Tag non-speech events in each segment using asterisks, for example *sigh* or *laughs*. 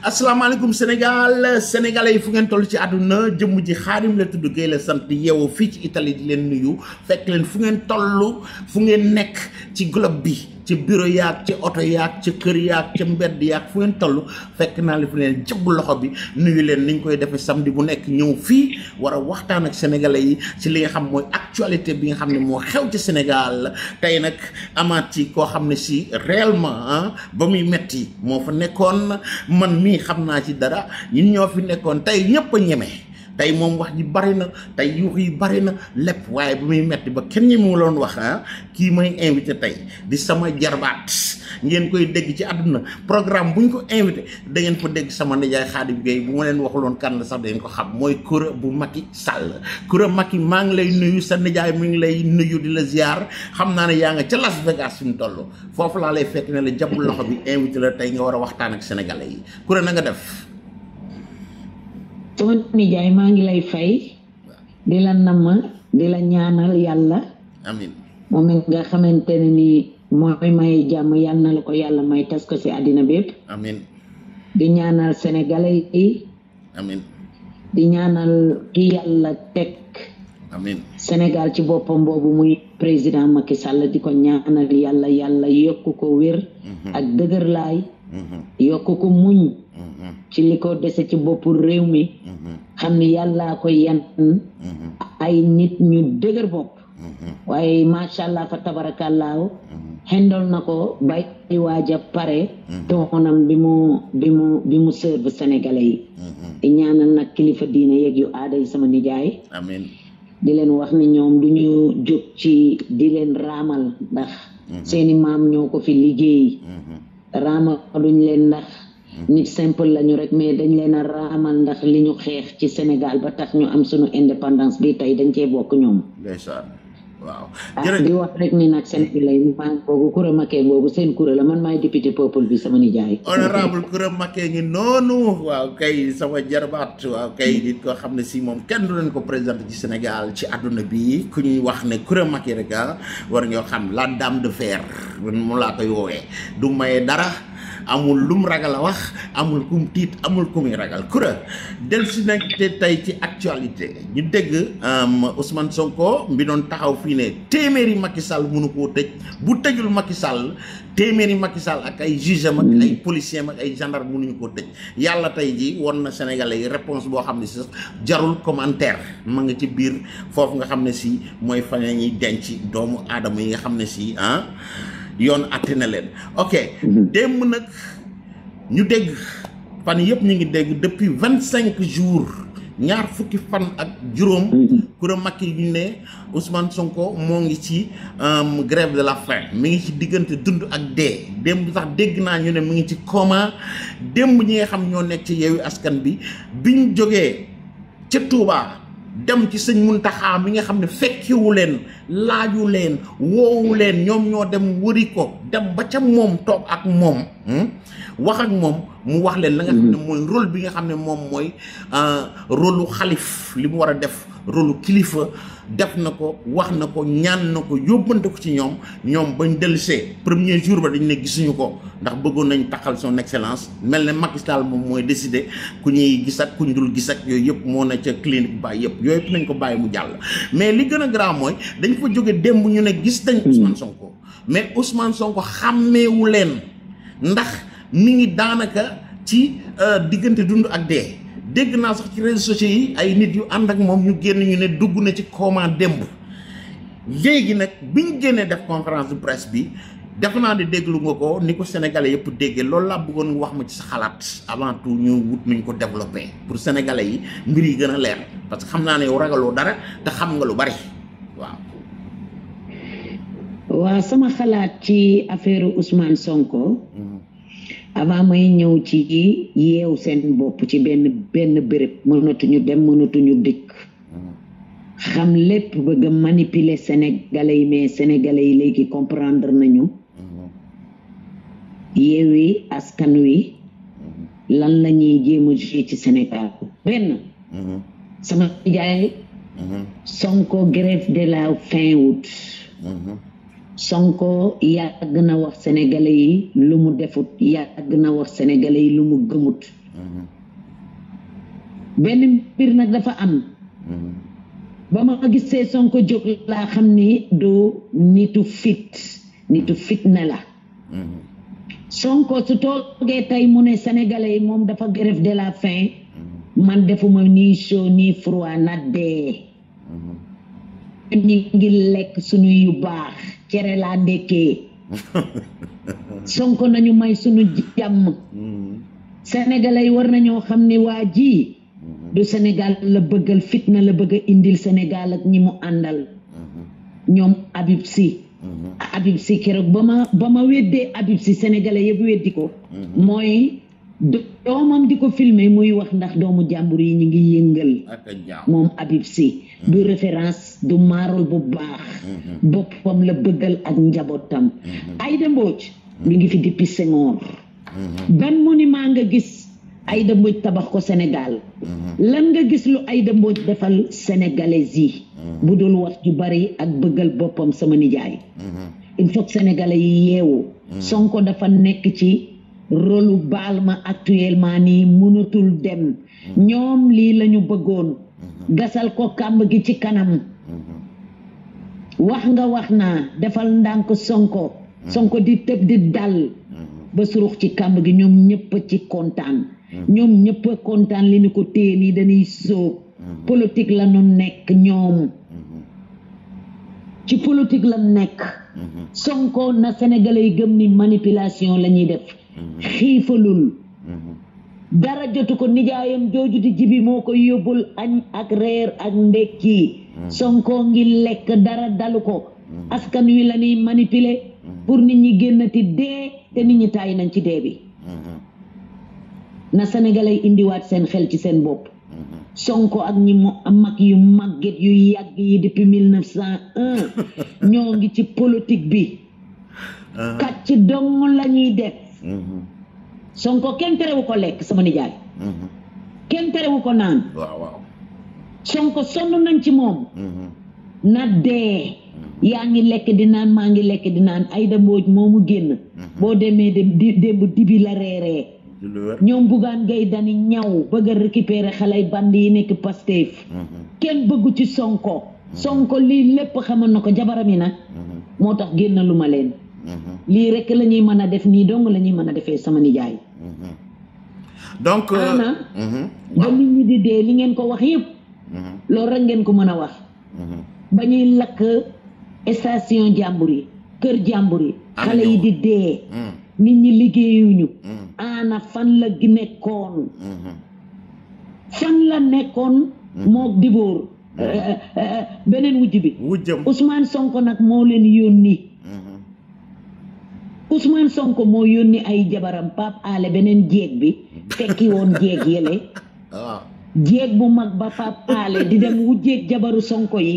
Assalamualaikum Senegal, senegalay fu ngeen tollu ci aduna jëm ji xarim la tuddu Gueye la sant yeewoo fi ci Italie di len nuyu fekk len fu ngeen tollu fu ngeen nek ci globe bi ci bureau yaak ci auto yaak ci keur yaak ci mbedd yaak fu ngeen tollu fekk na li fu leen jëb loxo bi nuyu leen niñ koy defé samedi bu nek ñew fi wara waxtaan ak senegalay ci li nga xam moy actualité bi nga xam ne moo xew ci senegal tey nak amaat ci koo xam ne si réellement ah, ba muy metti moo fa nekkoon man mii xam naa ci dara ñun ñoo fi nekkoon tey ñëpp a ñeme tey moom wax ji bari na tey yuux yi bari na lépp waaye bu muy metti ba kenn ñi mu loon wax ah kii may invité tey di sama jarbaat ngeen koy dégg ci àdduna programme bu ñu ko invité da ngeen ko dégg sama nijaay Xaadim Gueye bu ma leen waxuloon kan la sax da ko xam mooy kura bu Macky Sall kura Macky maa ngi lay nuyu sa nijaay mu ngi lay nuyu di la ziar xam naa ne yaa nga ca Las Vegas suñu toll foofu laa lay fekk ne la jàpp loxo bi invité la tey war a waxtaan ak yi kura na nga def sama nijaay maa ngi lay fay di la namm di la ñaanal yàlla amiin moom nga xamante ne ni mooy may jàmm yal na ko yàlla may tas ko ci àddina bépp di ñaanal sénégalais yi di ñaanal ki yàlla teg amiin Sénégal ci boppam boobu muy président Macky sàll di ko ñaanal yàlla yàlla yokk ko wér mhm. ak dëgërlaay mhm. yokk ko muñ ci li ko dese ci boppu réew mi xam ne yàlla ko yan ay nit ñu dëgër bopp waaye macha allah fa tabarakallaahu xendol na ko bay bàyyi waaja pare toxonam bi mu bi mu serve sénégalais yi ñaanal nag kilifa diine yeeg yu aada yi sama nijaay di leen wax ni ñoom duñu jóg ci di leen raamal ndax mhm. seeni maam ñoo ko fi liggéey mhm. raamaluñ leen ndax nit simple lañu rek mais dañ leena ramal ndax liñu xex ci Sénégal ba tax ñu am suñu indépendance bi tay dañ cee bok ñom ndeysaan waaw. Ah, jërëjëf di wax rek ni nak sen Sénégalais yi maa gogu kure Maké gogu sen kure la man may député peuple bi sama ni jaay honorable kure Maké ngi nonu waaw kay sama jarbat waaw kay nit ko xamné si mom kenn du len ko présenter ci Sénégal ci aduna bi ku ñuy wax né kure Maké rek ah, war ñoo xam la dame de fer mu la koy wowe du maye dara. amul lum ragal a wax amul kum tiit amul ku ragal kura del si nag te tey ci actualité ñu dégg Ousmane Sonko mbi doon taxaw fii ne téeméeri Macky Sall mënu koo tëj bu tëjul Macky Sall téeméeri Macky Sall ak ay juge mm. am ak ay policier ak ay gendarme mënuñu koo tëj yàlla tey ji won na Sénégalais yi réponse boo xam ne si sax jarul commentaire ma nga ci biir foofu nga xam ne si mooy fa ñuy denc doomu aadama yi nga xam ne si ah yoon àtte na leen ok mhm. démb nag ñu dégg fan yëpp ñu ngi dégg depuis vingt cinq jours ñaar fukki fan ak juróom mhm. kura makki ñu ne Ousmane Sonko moo ngi ci euh, grève de la faim mi ngi ci diggante dund ak dee démb sax dégg naa ñu ne mu ngi ci coma démb ñi nga xam ñoo nekk ci yeewi askan bi biñ jógee ca Touba dem ci sëñ Muntaxa mi nga xam ne fekkiwu leen laaju leen woowu leen ñoom ñoo dem wëri ko dem ba ca moom toog ak moom hmm? wax ak moom mu wax leen la nga xam ne mm-hmm. mooy rôle bi nga xam ne moom mooy euh, rôlu xalif li mu war a def rôlu kilifa def na ko wax na ko ñaan na ko yóbbante ko ci ñoom ñoom bañ dellusee premier jour ba dañ ne gisuñu ko ndax bëggoon nañ taxal son excellence mel ne Macky Sall moom mooy décidé ku ñuy gis ak ku ñu dul gis ak yooyu yëpp moo na ca clinique ba yëpp yooyu yëpp nañ ko bàyyi mu jàll mais li gën a grave mooy dañ ko jóge démb ñu ne gis dañ Ousmane Sonko mais Ousmane Sonko xàmmeewu leen ndax mi ngi daanaka ci euh, diggante dund ak dee dégg naa sax ci réseaux sociaux yi ay nit yu ànd ak moom ñu génn ñu ne dugg na ci coma démb léegi nag bi ñu génnee def conférence de presse bi def naa ne déglu nga ko ni ko sénégalais yëpp déggee loolu laa bëggoon wax ma ci sa xalaat avant tout ñu wut nuñ ko développé pour sénégalais yi mbir yi gën a leer parce que xam naa ne yow ragaloo dara te xam nga lu bari waaw. waaw sama xalaat ci affaire Ousmane Sonko. Mhm. avant may ñëw ci yeew seen bopp ci benn benn béréb mënatuñu dem mënatuñu dikk xam lépp bëgg manipule manipuler sénégalais yi mais sénégalais yi léegi comprendre nañu yeewi askan wi lan la ñuy jéem a jouer ci Sénégal benn sama jaay Sonko grève de la fin août Sonko yàgg na wax sénégalais yi lu mu defut yàgg na wax sénégalais yi lu mu gëmut benn mbir nag dafa am ba ma gisee Sonko jóg la xam ni du nitu fit nitu fitna la Sonko su toogee tey mu ne sénégalais yi moom dafa grève de la faim man defuma nii chaud nii froid na ñu ngi lekk suñu yu baax cere laa ndekkee *laughs* sonko nañu may suñu jàmm mm-hmm. sénégalais war nañoo xam ne waa mm-hmm. du sénégal la bëggal fitna la bëgg indil sénégal ak ñi mu àndal mm-hmm. ñoom abib si abib si keroog ba ma ba ma weddee abib si sénégalais yëpp weddi ko mooy doomam di ko filmer muy wax ndax doomu jàmbur yi ñu ngi yëngal moom abib si du référence du maarul bu baax mm-hmm. boppam la bëggal ak njabootam mm-hmm. Aïda Mbodj mm-hmm. mi ngi fi depuis Senghor ban monument nga gis Aïda Mbodj tabax ko Sénégal lan nga gis lu Aïda Mbodj defal sénégalais yi bu dul wax ju bari ak bëggal boppam sama nijaay il faut que yi yeewu Sonko dafa nekk ci rolu baal ma actuellement nii mënatul dem ñoom lii lañu bëggoon gasal ko kàmb gi ci kanam wax nga wax naa defal ndànk sonko sonko di tëb di dal ba surux ci kàmb gi ñoom ñëpp ci kontaan ñoom ñëpp kontaan li ñu ko téye nii dañuy sóob politique la ñu nekk ñoom ci politique la nekk sonko na senegal yi gëm ni manipulation lañuy ñuy def xiifalul dara jotu ko nijaayam jooju di jibi moo ko yóbbul añ ak reer ak ndekki hmm. sonko ngi lekk dara dalu ko hmm. askan wi la ñuy hmm. pour nit ñi génn ti dee te nit ñi taay nañ ci dee bi na sénégalais indiwaat seen xel ci seen bopp sonko ak ñi mu mag yu màgget yu yàgg yi depuis *laughs* ñoo ngi ci politique bi ah. kàcc dong la ñuy def Sonko kenn terewu ko lekk sama nijaay. kenn terewu ko naan. Sonko sonn nañ ci moom. na dee. yaa ngi lekk di naan maa ngi lekk di naan ay Aïda Mbodj mu génn. boo demee di démb dibi la reeree. ñoom buggaan gay dani ñaw bëgg a récupérer xalay band yi nekk Pastef. kenn bëggu ci Sonko. Sonko lii lépp xamal na ko jabaram yi nag. moo tax génnalu ma leen. Mm-hmm. lii rek lañuy ñuy mën a def nii dong lañuy ñuy mën a defee sama nijaay. Mm-hmm. donc euh, mm-hmm. ba nit ñi di dee li ngeen ko wax yëpp. loolu rek ngeen ko mën a wax. ba ñuy lakk station jàmbur yi kër jàmbur yi. xale yi di dee. nit ñi liggéeyuñu. ana fan la gi nekkoon. fan la nekkoon. moog di boor beneen wujj bi. wujjam Ousmane Sonko nag moo leen yónni. Ousmane Sonko mo yoni ay jabaram pap ale benen djeg bi tekki won djeg yele djeg ah. bu mag ba pap ale di dem djeg jabaru Sonko yi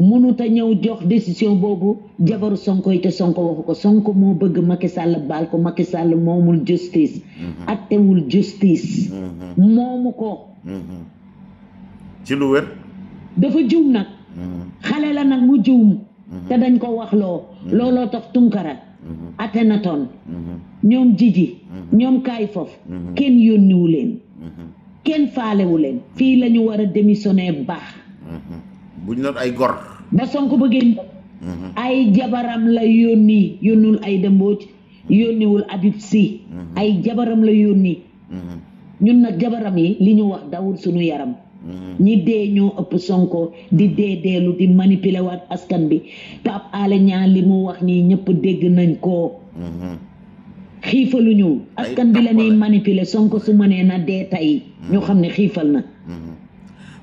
mm-hmm. ta ñew jox décision bobu jabaru Sonko yi te Sonko waxuko Sonko mo bëgg Macky Sall bal ko Macky Sall moomul justice mm-hmm. wul justice momu mm-hmm. ko ci lu wër dafa juum nak xalé la nak mu juum te dañ ko wax lo looloo tax tunkara Mm-hmm. Akhenaton mm-hmm. ñoom Jiji mm-hmm. ñoom Kaay Fof kenn yónniwu leen kenn faalewu leen fii lañu war a démissionner baax buñ noon ay gor ba Sonko bëggee ay jabaram la yónni yónniwul ay dëmbooj yónniwul Habib si ay jabaram la yónni ñun nag jabaram yi li ñu wax dawul suñu yaram ñi mm. dee ñoo ëpp sonko di dee deelu di manipuler waat askan bi pap ale ñaan li mu wax ni ñëpp dégg nañ ko xiifaluñu mm-hmm. askan bi la ñuy e. manipuler sonko su mënee na dee tey ñu mm-hmm. xam ne xiifal na mm-hmm.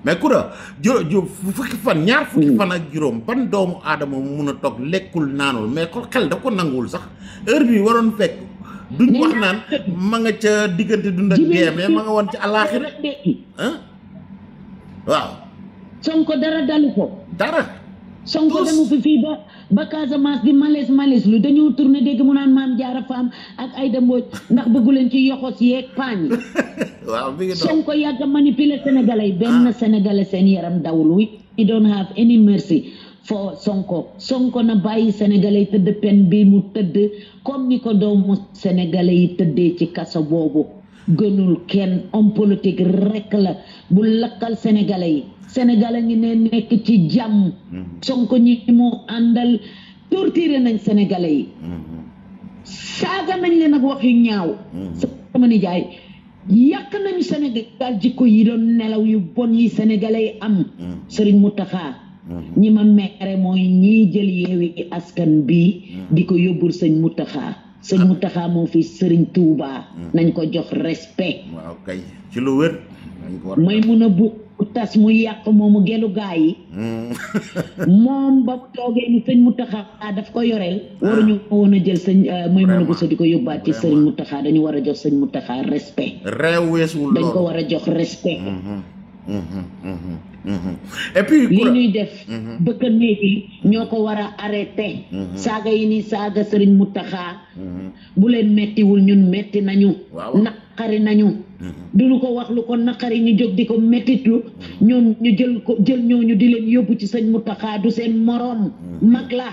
mais kura ju fukki fan ñaar fukki mm. fan ak juroom ban doomu aadama mu a toog lekkul naanul mais ko xel da ko nangul sax heure bi waroon fekk duñ wax naan ma nga ca diggante dund ak dee mais ma nga woon ci alaxira Sonko dara dalu ko dara Sonko demu fi fii ba ba Casamance di malaise malaise lu dañoo tourné dégg mu naan maam jaara faam ak Aïda Mbodj ndax bëggu leen ci yoxos yeeg paañ yi *laughs* waaw bi Sonko yàgg a manipuler sénégalais benn ah. sénégalais seen yaram dawul we don't have any mercy for Sonko Sonko na bàyyi sénégalais yi tëdd pen bi mu tëdd comme ni ko doomu sénégalais yi tëddee ci kaso boobu gënul kenn homme politique rek la bu lakkal sénégalais yi sénégalais ngi ne nekk ci jàmm mm-hmm. sonko ñi moo àndal torturé nañ sénégalais yi mm-hmm. saaga nañ leen ak wax yu ñaaw mm-hmm. sama nijaay yàq nañu sénégal jikko yi doon nelaw yu bon yi sénégalais yi am sëriñ Mountakha ñi ma meere mooy ñii jël yeewi askan bi di ko yóbbul sëñ Mountakha sëñ ah. Mountakha moo fi sëriñ Touba nañ ko jox respe waaw kay ci lu wér may mun a bu tas mu yàq moomu gelu gaa yi hmm. *laughs* moom ba mu toogee ni sëñ Mountakha daf ko yoreel ah. waruñu woon a jël sëñ euh, may mun a gusa di ko yóbbaat ci sëñ Mountakha dañu war a jox sëñ Mountakha respect réew dañ ko war a jox respect hmm, hmm, et puis li ñuy def bëkka néeg yi ñoo ko war a arrêté saaga yi nii saaga sëriñ Mountakha bu leen mettiwul ñun metti nañu naqari nañu Mm-hmm. du lu ko wax lu ko naqari ñu jóg di ko métitlu mm-hmm. ñoom ñu jël ko jël ñooñu di leen yóbbu ci sëñ Mountakha du seen moroom mm-hmm. mag la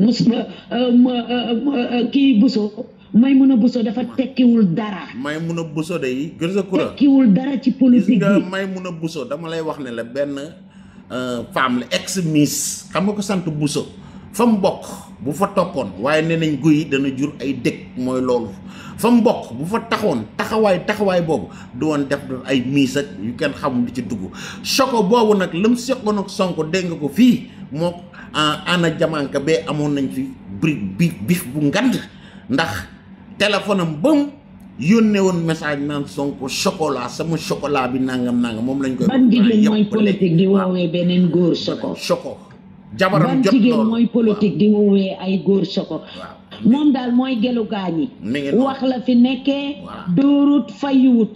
mus euh, euh, euh, kii Bousso Maymuna Bousso dafa tekkiwul dara Maymuna Bousso day Gërsa Kura tekkiwul dara ci politique bi Maymuna buso dama lay wax ne la benn femme la ex miss xam nga ko sant Bousso fam bok bu fa topone waye nenañ guuy dana jur ay dekk moy loolu fam bok bu fa taxone taxaway taxaway bobu du won def ay miis ak yu ken xamul di ci dugg choko bobu nak lam sekkon ak sonko deng ko fi moo ana ah, jamanka be amon nañ fi bri bi bif bu ngand ndax téléphone am bam yónnee won message nan sonko chocolat sama chocolat bi nangam nangam mom lañ koy. ban gi mooy politique di woowee benen góor choko soko jabaram jot jigéen mooy politique di woowee ay góor soko moom daal mooy gelu gaañi wax la fi nekkee dóorut fayiwut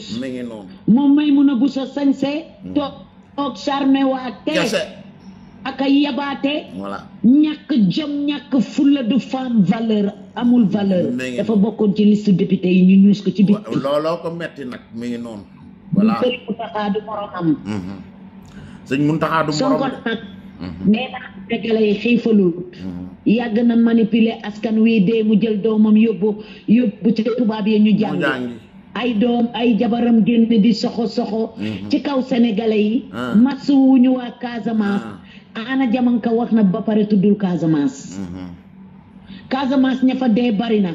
moom may mun a bu sa sañse hmm. toog toog charme waa te ak a yabaate ñàkk jom ñàkk fulla du femme valeur amul valeur dafa bokkoon ci list député yi ñu ñuus ko ci bitti looloo ko metti nag mi ngi noonu voilà sëñ Muntaxa du moroom am mhm. nee mm-hmm. naa sénégalais yi xiifalu mm-hmm. yàgg na manipuler askan wi dee mu jël doomam yóbbu yóbbu ci tubaab yi ñu jàng ay doom ay jabaram génn di soxo soxo mm-hmm. ci kaw sénégalais yi ah. mass wuñu waa Casamance ah. ana jamanka wax na ba pare tuddul Casamance Casamance ña fa dee bari na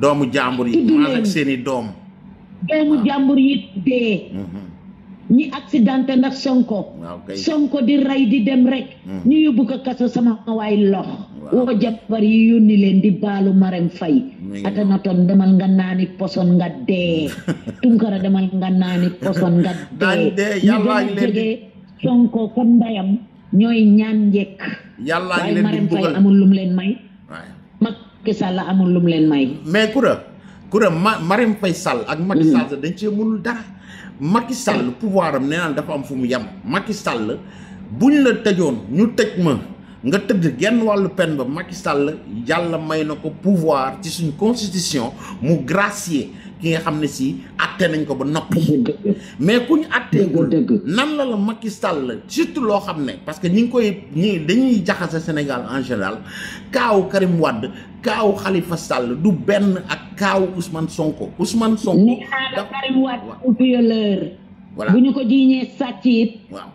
doomu jàmbur yi maa doom doomu ah. jàmbur yi dee ni accidenté nak sonko sonko di ray di dem rek hmm. ni yobou ko kasso sama way loh, woo jabar yi yoni len di balu marem fay ton demal nga nani poson nga dee *laughs* tunkara demal nga nani poson nga dee *laughs* yalla ngi len di sonko ko ndayam ñoy ñaan ngi len di bugal amul lum len may ke sala amul lum len may mais kura kura ma, marem fay sal ak Macky hmm. Sall dañ ci mënul dara Macky Sall pouvoir am nee naan dafa am fu mu Macky Sall buñ la tëjoon ñu tej ma nga teud genn walu pen ba Macky Sall may nako pouvoir ci suñ constitution mu gracier ki nga xam ne si atte nañ ko ba noppi mais ku ñu atteegul nan la la Macky Sall surtout loo xam ne parce que ñi ngi koy ñi dañuy jaxase Sénégal en général kaaw Karim wadd kaaw xalifa Sall du benn ak kaaw Ousmane Sonko Ousmane Sonko da Karim Wade violeur voilà bu ñu ko jiiñee sàcc it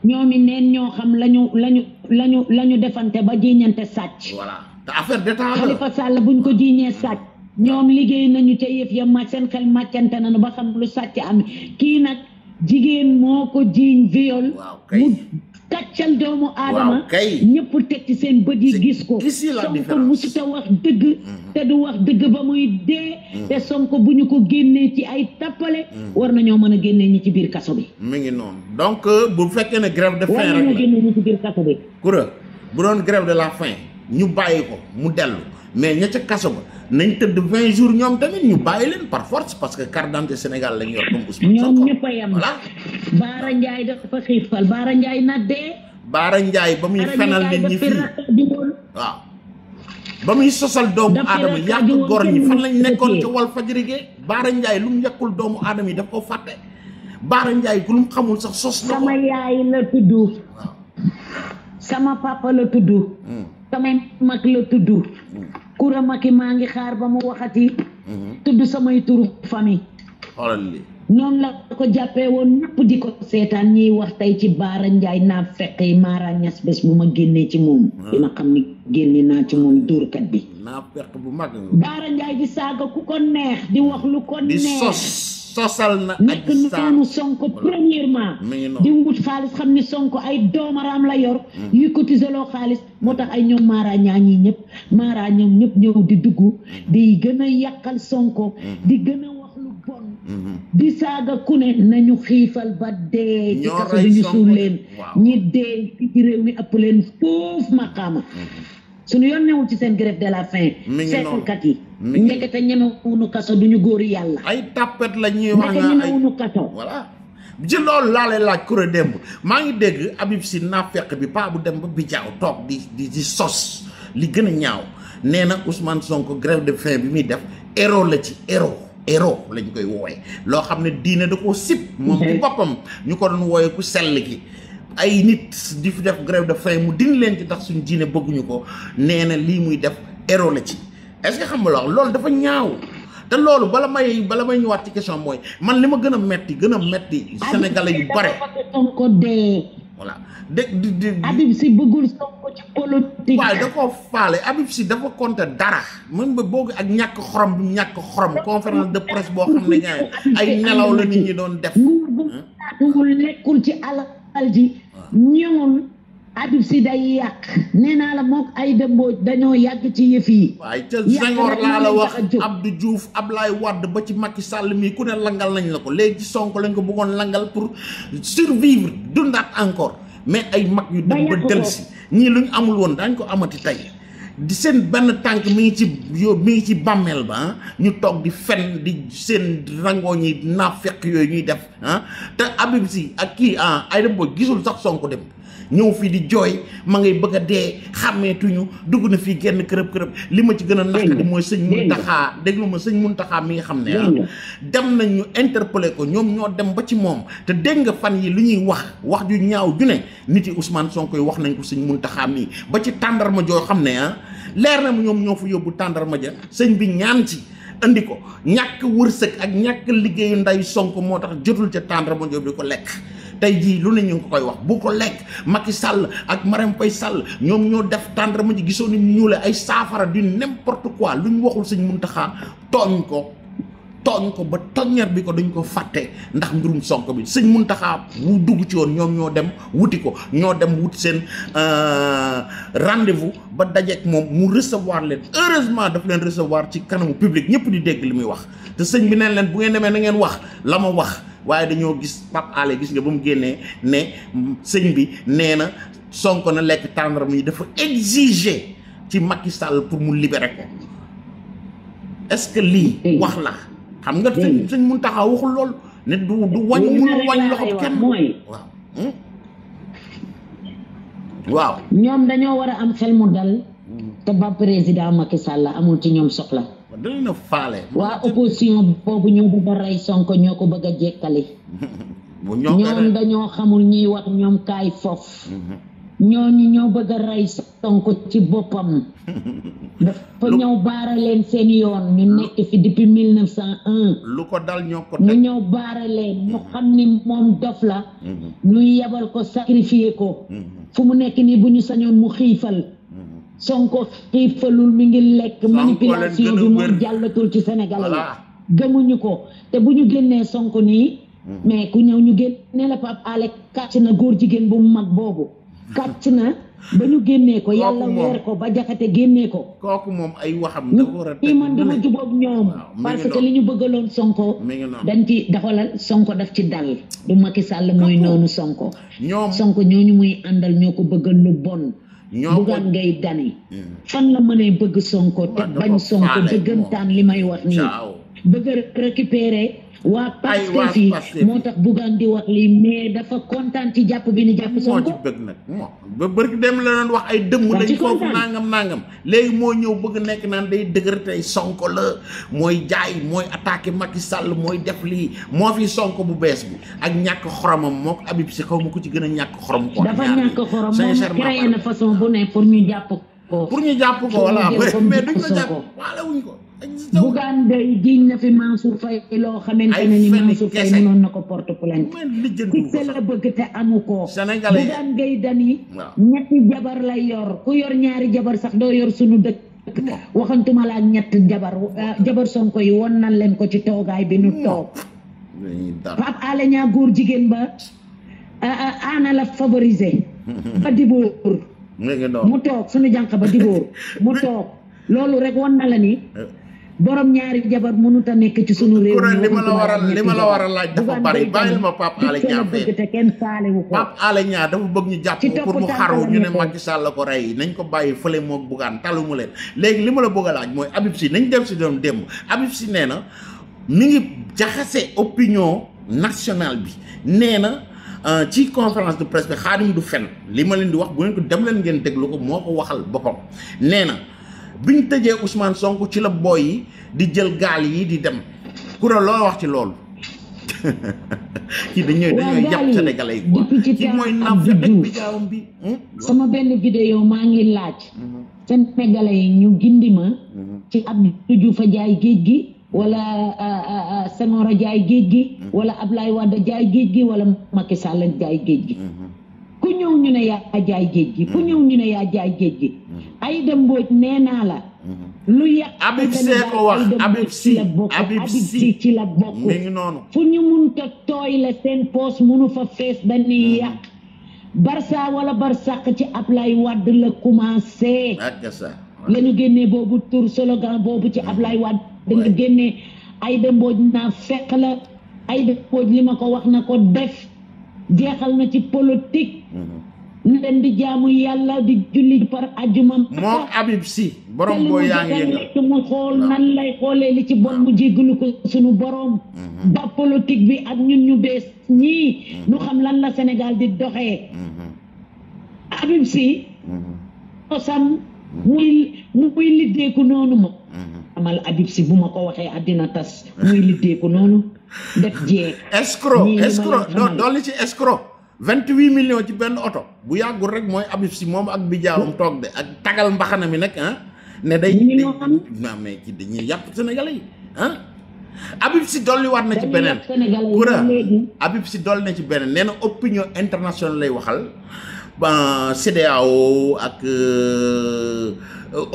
ñoom it neen ñoo xam lañu lañu lañu la ñu defante ba jiiñante sàcc voilà te affaire d'état Khalifa Sall bu ñu ko jiiñee sàcc ñoom liggéey nañu ca yëf ya ma seen xel màccante nañu ba xam lu sàcc am kii nag jigéen moo ko viol mu kàccal doomu aadama ñëpp teg ci seen bët yi gis ko sonko musuta wax dëgg mm-hmm. te du wax dëgg ba muy dee mm-hmm. te sonko bu ko génnee ci ay tappale mm-hmm. war nañoo mën a ñi ci biir bi mi ngi donc euh, bu fekkee ne grève de faim rek ñi ci biir bi kura bu grève de la faim ñu mu mais ñi ci kasso ba nañ teud 20 jours ñom tamit ñu bàyyi leen par force parce que carte d'identité Sénégal lañ yor comme Ousmane Sonko ñoom ñëpp a yem voilà Baara Ndiaye dafa xiifal Baara Ndiaye na dee bara ndjay ba muy fenal nit ñi fi wa ba muy sosal doomu adam yaak gor ñi fan lañ nekkon ci wal fajri ge bara ndjay lu mu yakul doomu adam yi daf ko fàtte Baara ku lu mu xamul sax sos na sama yaay la tuddu sama papa la tudd hmm. samay mag la tudd kura maki maa ngi xaar ba mu waxati mhm. tudd samay turu famille noonu la ko jàppee woon ñëpp di ko seetaan ñuy wax tey ci Baara Njaay naa fekk yi Mara Ñas bu ma génnee ci moom ah. dina xam ni génne naa ci moom dóorkat bi bu mag Baara Njaay di saaga ku ko neex di wax lu ko neex sosal na nekk makaanu Sonko premièrement di wut xaalis xam ni Sonko ay doomaraam la yor mm. yuy cotiseloo xaalis moo tax ay ñoom maara ñaa ñi ñëpp maara ñoom ñëpp ñëw di dugg mm. di gën a yàqal Sonko mm. di gën a wax lu bon mm-hmm. di saaga ku ne nañu xiifal ba dee ci kaso bi ñu leen ñi dee ci réew mi ëpp leen foofu maqaama mm-hmm. suñu yoon newul ci seen grève de la faim. mi ngi yi. mi ngi nekkate ñemewuñu kaso du ñu góori yàlla. ay tapet la ñuy wax nga ay ñemewuñu kaso. loolu laa laaj kuréel démb maa ngi dégg Habib naa naafeq bi paabu dem ba bijaaw toog di di di sos li gën a ñaaw nee na Ousmane Sonko grève de faim bi muy def héros la ci héros. héros lañ koy wooye loo xam ne diine da koo sib moom bu boppam ñu ko doon wooye ku sell gi ay nit di fi def grève de faim mu din leen ci tax suñu diine bëgguñu ko nee na lii muy def héros la ci est-ce que xam nga loolu dafa ñaaw te loolu bala may bala may ñëwaat ci question mooy man li ma gën a metti gën a metti sénégalais yu bare voilà ko di di Habib Sy bëggul Sonko ci politique waaye da koo faale Habib Sy dafa compter dara mën ba boog ak ñàkk xorom bi ñàkk xorom conférence de presse boo xam ne ñaar ay nelaw la nit ñi doon def alal ji ñëwul Habib Sy day yàq nee naa la mook ay dëmboo dañoo yàgg ci yëf yi. waaye ca Senghor laa la wax juuf ab Ablaye Wade ba ci Macky sàll mii ku ne langal nañu la ko léegi sonk lañ ko bëggoon langal pour survivre dundaat encore mais ay mag yu dem ba ñii lu ñu amul woon daañ ko amati tey di seen benn tànk mi ngi ci yo mi ngi ci bàmmeel ba ah, ñu toog di fen di seen rangoo ñi naafeq yooyu ñuy def ah te Habib si ak kii ah Aïda Mbodj gisul sax Sonko dem ñëw fii di jooy ma ngay bëgg a dee xàmmeetuñu dugg na fii genn kërëb kërëb li ma ci gën a naqari mooy sëñ Muntaxaa déglu ma sëñ Muntaxaa mi nga xam ne ah. dem nañ ñu interpellé ko ñoom ñoo dem ba ci moom te dégg nga fan yi lu ñuy wax wax ju ñaaw ju ne nit yi Ousmane Sonko yi wax nañ ko sëñ Muntaxaa mi ba ci tàndarma joo xam ne ah leer na ma ñoom ñoo fa yóbbu tàndarma ja sëñ bi ñaan ci andi ko ñàkk wërsëg ak ñàkk liggéeyu nday sonk moo tax jotul ca tàndarma joo di ko lekk tey jii lu ne ñu ngi ko koy wax bu ko lekk i sàll ak Marème koy Sall ñoom ñoo def tàndarma ji gisoo ni ñu ñuule ay saafara du n'importe quoi lu ñu waxul sëñ Muntaxa tooñ ko tooñ ko ba toññer bi ko dañ ko fàtte ndax mbirum Sonko bi sëñ mun Muntaxa bu dugg ci woon ñoom ñoo dem wuti ko ñoo dem wut seen euh, rendez-vous ba dajeek moom mu recevoir leen heureusement daf leen recevoir ci kanamu public ñëpp di dégg li muy wax te sëñ bi neen leen bu ngeen demee na ngeen wax la ma wax waaye dañoo gis Pape Alé gis nga ba mu génnee ne sëñ bi nee na Sonko na lekk tàndaram yi dafa exiger ci Macky Sall pour mu libérer ko est-ce que lii wax la xam nga sëñ sëñ Muntaxa waxul loolu ne du du wañ mënul wañ loxo kenn mooy hmm? waaw ñoom dañoo war a am xel mu dal te ba président Macky Sall amul ci ñoom soxla dañ na faale waa opposition boobu ñu bëgg a rey Sonko ñoo ko bëgg a jekkali *laughs* ñoom dañoo xamul ñiy wax ñoom kaay foofu hmm. ñooñu ñoo bëgg a rey Sonko ci boppam *laughs* dafa ñëw baara seen yoon ñu nekk fi depuis mille neuf cent un lu ko dal ñoo ko ñu ñëw baara leen mm-hmm. xam ni moom dof la mm-hmm. ñu yebal ko sacrifier ko mm-hmm. fu mu nekk nii bu ñu sañoon mu xiifal Sonko xiifalul mi ngi lekk manipulation bi moom jàllatul ci Sénégal la gëmuñu ko te bu ñu génnee Sonko nii mais ku ñëw ñu génne la Pape Alé kàcc na góor jigéen bu mu mag boobu kàcc na ba ñu génnee ko yàlla weer ko ba jaxate génnee ko kooku moom ay waxam dafa war a teg man dama jubóog ñoom parce que li ñu bëggaloon sonko dañ ci daxolal sonko daf ci dal du Macky Sall mooy noonu sonko ñoom sonko ñooñu muy àndal ñoo ko bëggal lu bon bugaan ngay dani fan la mënee bëgg sonko te bañ sonko dëggantaan li may wax nii bëgg récupérer waaw parce que fii di wax lii dafa kontaan ci jàpp bi ni jàpp Sonko. moo ci bëgg nag moo ba bëri dem la doon wax ay dëmm lañ foofu nangam nangam léegi moo ñëw bëgg nekk naan day dëgër tey Sonko la jaay Macky Sall def fi Sonko bu bees bi ak ñàkk xoromam moo Habib si xaw ko ci gën a ñàkk ko dafa créé na façon bu pour ñu ko pour ñu jàpp ko voilà mais duñ ko jàpp waala wuñ ko bugaan day jiñ na fi Mansour Faye loo xamante ne ni Mansour Faye mënoon na ko porte plainte fixé la bëgg te amu ko bugaan ngay dani ñetti jabar lay yor ku yor ñaari jabar sax doo yor sunu dëkk waxantuma la ñett jabar ah, jabar sonko yi won nan leen ko ci toogaay bi nu toog pap ala ñaa góor jigéen ba ah, ah, ana la favoriser ba *laughs* di mu toog suñu jànq ba di góor mu *laughs* toog loolu rek wan na la ni eh. borom ñaari jabar mënut a nekk ci suñu réew mi li ma la war a war laaj dafa bari bàyyil ma Pape Alé Niang fee te kenn faalewu ko Pape Alé Niang dafa bëgg ñu jàpp ko pour mu xaru ñu ne Macky Sall la ko rey nañ ko bàyyi fële moo buggaan talu mu leen léegi li ma la bëgg a laaj mooy Habib Sy nañ dem si doon démb Habib Sy nee na mi ngi jaxase opinion nationale bi nee na Euh, ci conférence de presque bi xaadim du fen li ma leen di wax bu ngeen ko dem leen ngeen déglu ko moo ko waxal boppam nee na ñu tëjee Ousmane Sonko ci la booy yi di jël gaal yi di dem kuréel loo wax ci loolu *laughs* kii dañuy dañuy jàpp Sénégalais yi quoi kii mooy naaf bi jaawam bi hmm? sama benn vidéo maa ngi laaj mhm. Sénégalais yi ñu gindi ma mhm. ci Abdou Diouf a jaay géej gi wala Senghor a jaay géej gi mhm. wala Ablaye Wade jaay géej gi wala Macky Sall a géej gi mhm. ku ñëw ñu ne yaa jaay géej gi ku mhm. ñëw ñu ne yaa jaay géej gi Aïda nee naa la lu yàq Abib Sy ko wax Abib Sy ci la bokk noonu fu ñu munta tooy la seen poos munu fa fees dañuy yàq Barça wala Barsàq ci Ablaye Wade la commencé la ñu génnee boobu tur slogan boobu ci Ablaye Wade da génne ay Aïda Mbodj naa fekk la Aïda Mbodj li ma ko wax na ko def jeexal na ci politique mm-hmm. na leen di jaamu yàlla di julli par ajuma moom Habib Sy borom xool nan lay xoolee li ci bon ko suñu borom mm-hmm. ba politique bi ak ñun ñu bees ñii mm-hmm. ñu xam lan la Sénégal di doxee Habib Sy osam muy muy liddeeku noonu moom amal Habib bu ma ko waxee àddina tas muy liggéey ko noonu def jeeg escroc escroc dolli ci escroc vingt-huit millions ci benn oto bu yàggul rek mooy Habib Sy moom ak bijaawam toog de ak tagal mbaxana mi nag ah ne day non mais ci dañuy yàpp sénégalais yi ah Habib Sy dolli waat na ci beneen kura Habib Sy dolli na ci beneen nee na opinion internationale lay waxal CEDEAO ak euh,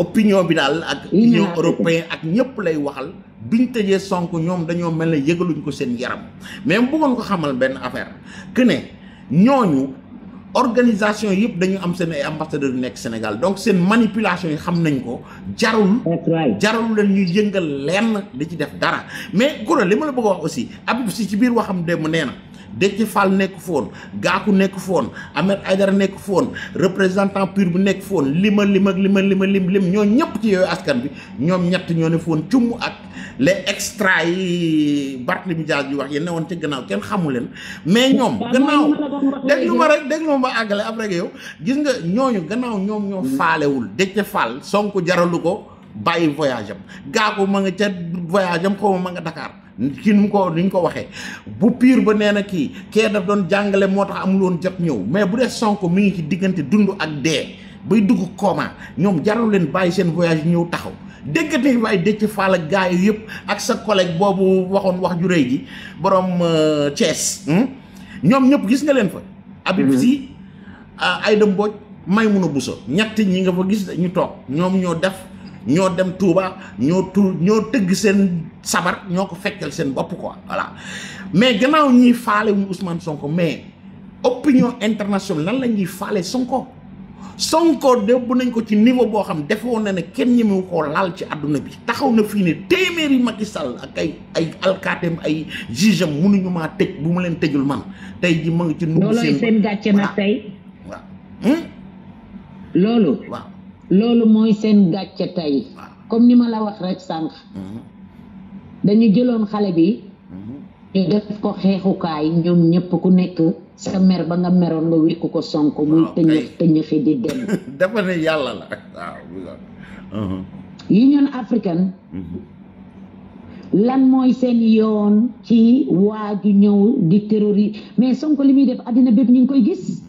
opinion bi daal ak mm-hmm. union européenne ak ñëpp lay waxal biñ tëjee sonk ñoom dañoo mel ne yëgaluñ ko seen yaram mais bëggoon ko xamal benn affaire que ne ñooñu organisation yëpp dañu am seen ay ambassadeur yu nekk Sénégal donc seen manipulation yi xam nañ ko jarul jarul leen ñu yëngal lenn di ci def dara mais gura li ma la bëgg wax aussi Habib si ci biir waxam démb nee na Déthié Fall nekk foon Gakou nekk foon Ahmed Aïdara nekk foon représentant pur bu nekk foon lima lima lima lima lim lim ñoo ñëpp ci yooyu askan bi ñoom ñett ñoo ne foon cumm ak les extra yi Barthélémy Dias yi wax yéen ne woon ca gannaaw kenn xamu leen mais ñoom gannaaw déglu ma rek déglu ma ba àggale après yow gis nga ñooñu gannaaw ñoom ñoo faalewul Déthié Fall Sonko jaralu ko bàyyi voyage am Gakou ma nga ca voyage am xaw ma nga Dakar ci nu mu ko ni ñu ko waxee bu piir ba nee na kii kee daf doon jàngale moo tax amul woon jot ñëw mais bu dee sonk mi ngi ci diggante dund ak dee bay dugg coma ñoom jarul leen bàyyi seen voyage ñëw taxaw déggante waaye dëcc faal ak gars yi yëpp ak sa collègue boobu waxoon wax ju rëy ji borom euh, Thiès. Hmm? ñoom ñëpp gis nga leen fa. Habib mm-hmm. Sy euh, Aïda Mbodj Maïmouna Bousso ñett ñi nga fa gis ñu toog ñoom ñoo def. ñoo dem Touba ñoo tu ñoo tëgg seen sabar ñoo ko feccal seen bopp ko voilà mais gannaaw ñuy faale wu Ousmane Sonko mais opinion internationale lan la ñuy faale Sonko Sonko débb nañ ko ci niveau boo xam defoon na ne kenn ñemewu koo laal ci àdduna bi taxaw na fii ne téeméeri Macky Sall ak ay ay alkaatem ay jugeem mënuñu maa tëj bu mu leen tëjul man tey ji ma ngi ci. nu seen loolooy seen gàcce na hmm? Hmm? loolu. waaw. loolu mooy seen gàcce tey comme ni ma la wax rek sànq mhm. dañu jëloon xale bi mhm. ñu def ko xeexukaay ñoom ñëpp ku nekk sa mer ba nga meroon nga wékku ko sonk muy tëñëx tëñëxi di dem *laughs* dafa ne yàlla la mhm. Union Africaine lan mooy seen yoon ci waaju ñëw di terroriste mais sonk li muy def àddina bépp ñu ngi koy gis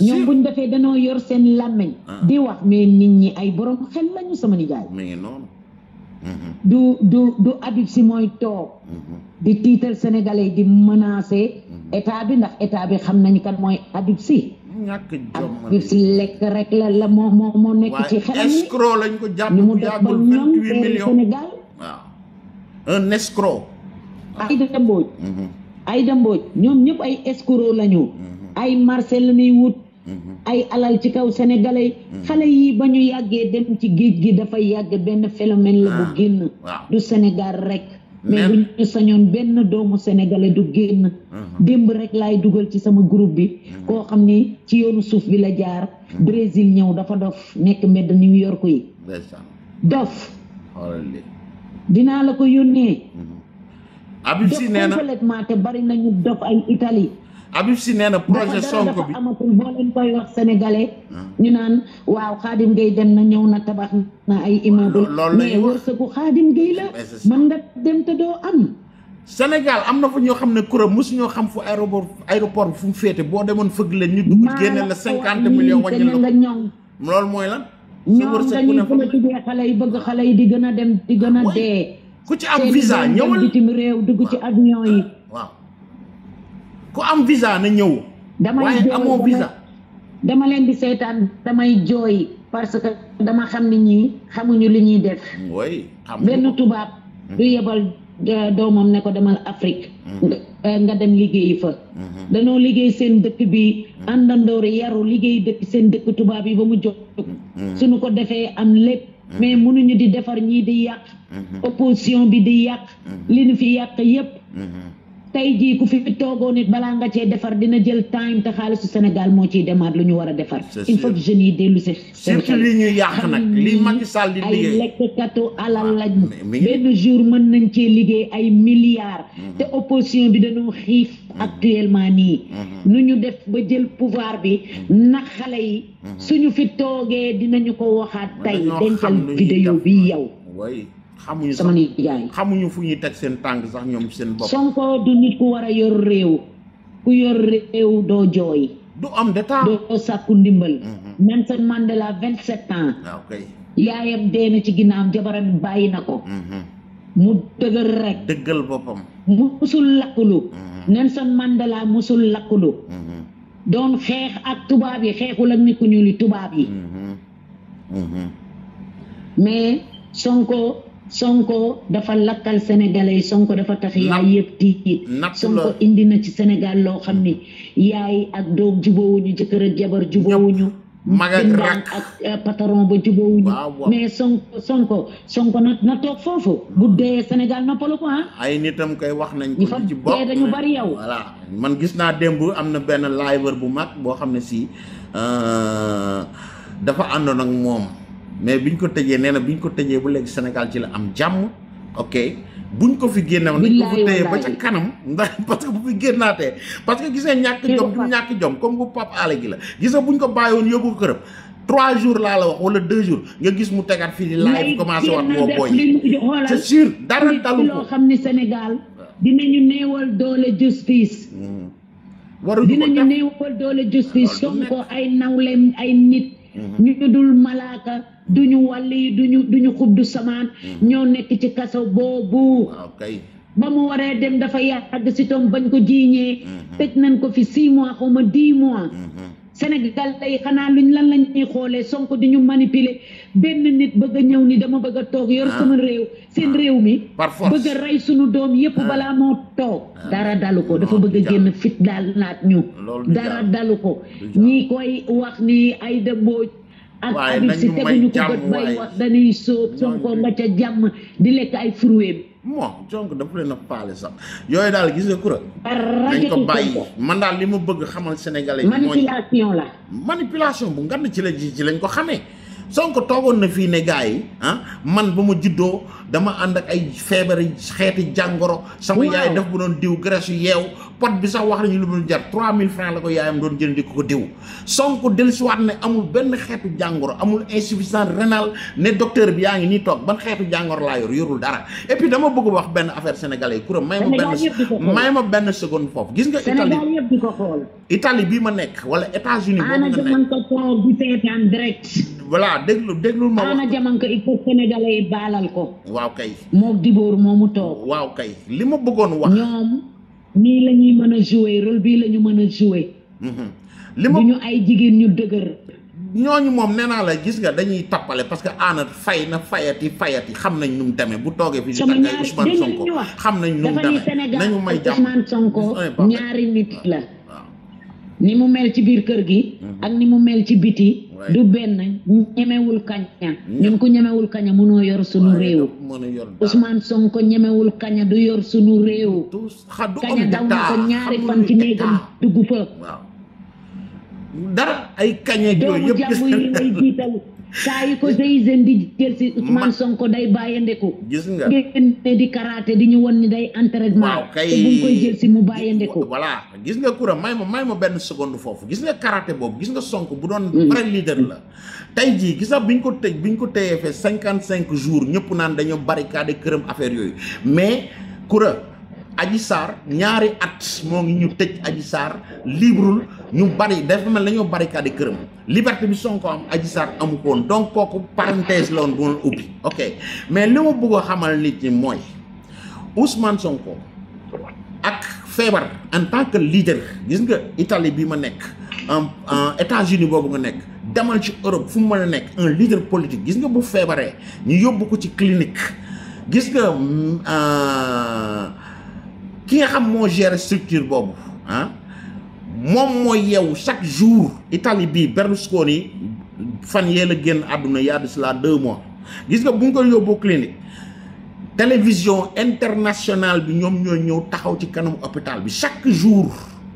ñoom buñ defee danoo yor sen làmmeñ di wax mais nit ñi ay borom xel lañu sama nijaay mi ngi non mm-hmm. du du du Habib Sy mooy toog mm-hmm. di titel sénégalais di menacer état mm-hmm. bi ndax état bi xam nañu kan moy Habib Sy ñàkk jom Habib Sy lekk rek la la moo moo moo nekk ci xelam ni escroc lañ ko japp ni mu def ba Sénégal un escro ay dëmbooj ay dëmbooj ñom ñep ay escro lañu ay marché la ñuy wut mm-hmm. ay alal ci kaw sénégalais mm-hmm. xale yi ba ñu yàggee dem ci géej gi dafay yàgg benn phénomène la bu ah, génn du Sénégal rek mais bu ñu sañoon benn doomu sénégalais du génn mm-hmm. démb rek laay dugal ci sama groupe bi koo xam ni ci yoonu suuf bi la jaar Brésil ñëw dafa dof nekk mbedd New York yi dof dinaa la ko yónnee Abib Si nee te bari nañu dof ay Italie Habib Sy nee na projet Sonko bi amatul boo leen koy wax sénégalais. Ah. ñu naan waaw Khadim Gueye dem na ñëw na tabax na ay immeuble. loolu mais wërsëgu Khadim Gueye la. mën nga dem te doo am. senegal am na fa ñoo xam ne kuréel mosu ñoo xam fu aéroport aéroport fu mu féete boo demoon fëgg leen ñu dugg génne la cinquante millions wàññi la nga ñoŋ loolu mooy lan. su wërsëg bu ne fa ñoom dañuy gën a xale yi bëgg xale yi di gën a dem di gën a dee. ku ci am visa ñëwal bitim réew dugg ci avion yi waaw ku am visa na ñëw. waaye dama leen di seetaan damay jooy parce que dama xam ni ñii xamuñu li ñuy def. benn tubaab. Hmm. du yebal eh, doomam ne ko demal Afrique. Hmm. Eh, nga dem liggéeyi fa. Hmm. danoo liggéey seen dëkk bi àndandoor yaru liggéey dëkk seen dëkk tubaab yi ba mu jóg. suñu ko defee am lépp. mais mënuñu di defar ñii di yàq. opposition bi di yàq. li ñu fi yàq yépp tey jii ku fi toogoon it balaa nga cee defar dina jël time te xaalisu Sénégal moo ciy demaat lu ñu war a defar. il faut que jeunes yi dellu si. surtout li ñu yàq nag li Macky Sall di liggéey ay lekkatu alal jour mën nañ cee liggéey ay milliards. Mhm. te opposition bi dañoo xiif mhm. actuellement nii. Mhm. nu ñu def ba jël pouvoir bi na xale yi. suñu fi toogee dinañu ko waxaat tey dencal vidéo bi yow. xamuñu sama nijaay xamuñu fu ñu teg seen tànk sax ñoom seen bopp. Sonko du nit ku war a yor réew ku yor réew doo jooy. du am d'état doo sàkku ndimbal. Mhm. Nelson Mandela vingt sept ans. Ah, yaayam dee na ci ginnaawam jabaram bàyyi na ko. Mhm. mu dëgër rek. dëggal boppam. musul lakkulu. Mhm. Nelson Mandela mësul lakkulu. doon xeex ak tubaab yi xeexul ak nit ku ñuul tubaab yi. mais Sonko. Sonko dafa lakkal sénégalais yi Sonko dafa tax yaay yëpp tiit Sonko indi na ci Sénégal loo xam ni yaay ak doom jubóowuñu jëkkër ak jabar jubóowuñu mag ak rakk ak euh, patron ba jubóowuñu mais Sonko Sonko Sonko na na toog foofu bu dee Sénégal noppalu ko ah ay nitam koy wax nañ ko ci bopp dañu bari yow voilà man gis naa démb am na benn live bu mag boo xam ne si euh, dafa àndoon ak moom mais bi ñu ko tëjee nee na biñ ko tëjee bu léegi Sénégal ci la am jàmm ok buñ ko fi génne nañ ko fi ba ca kanam ndax *laughs* parce que bu fi génnaatee parce que gisee ñàkk jom du ñàkk jom comme bu Pape Alé gi la gisee buñ ko bàyyi woon yóbbu ko këram trois jours laa la wax wala deux jours nga gis mu tegaat fii di live commencé waat woo booy c'est sûr dara dalu ko loo xam ni Sénégal dinañu néewal doole justice hmm. waruñu ko dinañu néewal doole justice Sonko ay nawleem ay nit Mm-hmm. ñu dul malaaka duñu wàlli duñu duñu xub du samaan mm-hmm. ñoo nekk ci kaso boobu ah, ba mu waree dem dafa yàgg si toom bañ ko jiiñee mm-hmm. tëj nañ ko fi six mois xaw ma dix mois Sénégal lay xanaa luñ lan lañ ñuy xoolee Sonko di ñu manipuler benn nit bëgg a ñëw ni dama bëgg a toog yor ah. sama réew seen ah. réew mi bëgg a rey suñu doom yépp ah. balaa moo toog dara dalu ko dafa bëgg a génn fit daal naat ñu dara dalu ko ñi koy wax ni ay dëmboo ak abib si teguñu ko bët bay wax dañuy soob Sonko nga ca jàmm di lekk ay fruits bon donc dafa leen a faale sax yooyu daal gis nga kura. dañ ko bàyyi man daal li ma bëgg xamal sénégalais. mooy manipulation la. manipulation bu ngan ci la ci lañ ko xamee. Sonko togon na fi ne gars han ah, man bama ma dama and ak ay feebari xeeti jangoro sama yaay def bu doon diw graisse yew pot bi sax wax nañu lu mu jar 3000 francs la ko yaayam doon jëndi ko ko diw Sonko wat ne amul ben xeetu jangoro amul insuffisance renal ne docteur bi yaangi ni tok ban xeetu jangoro la yor yorul dara et puis dama bëgg wax ben affaire sénégalais kuram may ma ben may ma ben seconde fof gis nga Italie Italie bi ma nek wala États-Unis bo nga nek voilà waaw déglu déglu ma wax ana jamanko il faut sénégalais yi baalal ko waaw kay moo dibóor moomu toog waaw kay li ma bëggoon wax ñoom nii lañuy ñuy mën a jouer rôle bii lañu ñu mën a jouer mhm. li ma ñu ay jigéen ñu dëgër ñooñu moom nee la gis nga dañuy tappale parce que aana fay na fayati fayati xam nañ nu mu bu toogee fi sama ñaari Ousmane Sonko xam nañ nu mu demee Sénégal nañu may jàmm Ousmane ñaari nit la ni mu mel ci biir kër gi mhm. ak ni mu mel ci biti du benn ñemewul kaña ñun ko ñemewul kaña munoo yor suñu réew Ousmane Sonko ñemewul kaña du yor sunu réew kaña daw na ko ñaari fan ci néegam dugg fa dara ay kaña yooyu yëpp yi lay *laughs* jiital saa yi ko Seysen di jël si Ousmane Sonko day ko gis nga ngeen di karaté di ñu won ni day entraînement. waaw kay te bu koy jël si mu ko voilà gis nga Koura may ma may ma benn seconde foofu gis nga karaté boobu gis nga Sonko bu doon. Mm. vrai leader la. tey jii gis nga bi ñu ko tëj bi ñu ko teyee fee cinquante cinq jours ñëpp naan dañoo barricade këram affaire yooyu mais Koura. Adji Sarr ñaari at moo ngi ñu tëj Adji Sarr librul ñu bari ma lañoo bari barricade këram liberté bi Sonko am Adji Sarr amu ko donc kooku parenthèse la woon bu ma ubbi ok mais li ma bëgg a xamal nit ñi mooy Ousmane Sonko ak feebar en tant que leader gis nga Italie bi ma nekk en États-Unis boobu nga nekk demal ci Europe fu mu mën a nekk un leader politique gis nga bu feebaree ñu yóbbu ko ci clinique gis nga. Euh, ki nga xam moo structure Bob? hein ah, moom mooy yeewu chaque jour Italie bi Berlusconi fan yee la génn àdduna de cela deux mois gis nga bu ñu clinique télévision internationale bi ñom ñooy ñew taxaw ci kanam hôpital bi chaque jour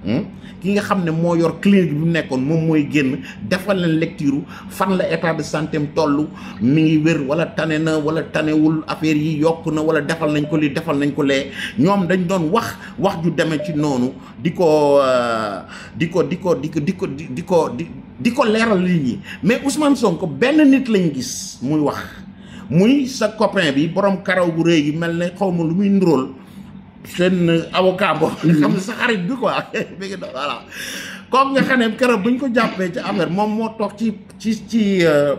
hmm? ki nga xam ne moo yor clinique bi nekkoon moom mooy génn defal leen lecture fan la état de santé am toll mi ngi wér wala tane na wala tanewul affaire yi yokk na wala defal nañ ko li defal nañ ko lee ñoom dañ doon wax wax ju demee ci noonu di ko euh, di ko di ko di ko di ko di ko di di ko leeral nit ñi mais Ousmane Sonko benn nit lañ gis muy wax muy sa copain bi borom karaw bu rëy gi mel ne xaw ma lu muy nduróol sen avocat bo nga xam ne sa xarit bi quoi *laughs* mi ngi dox voilà comme nga xam ne keroog bu ñu ko jàppee ci affaire moom moo toog ci ci ci euh,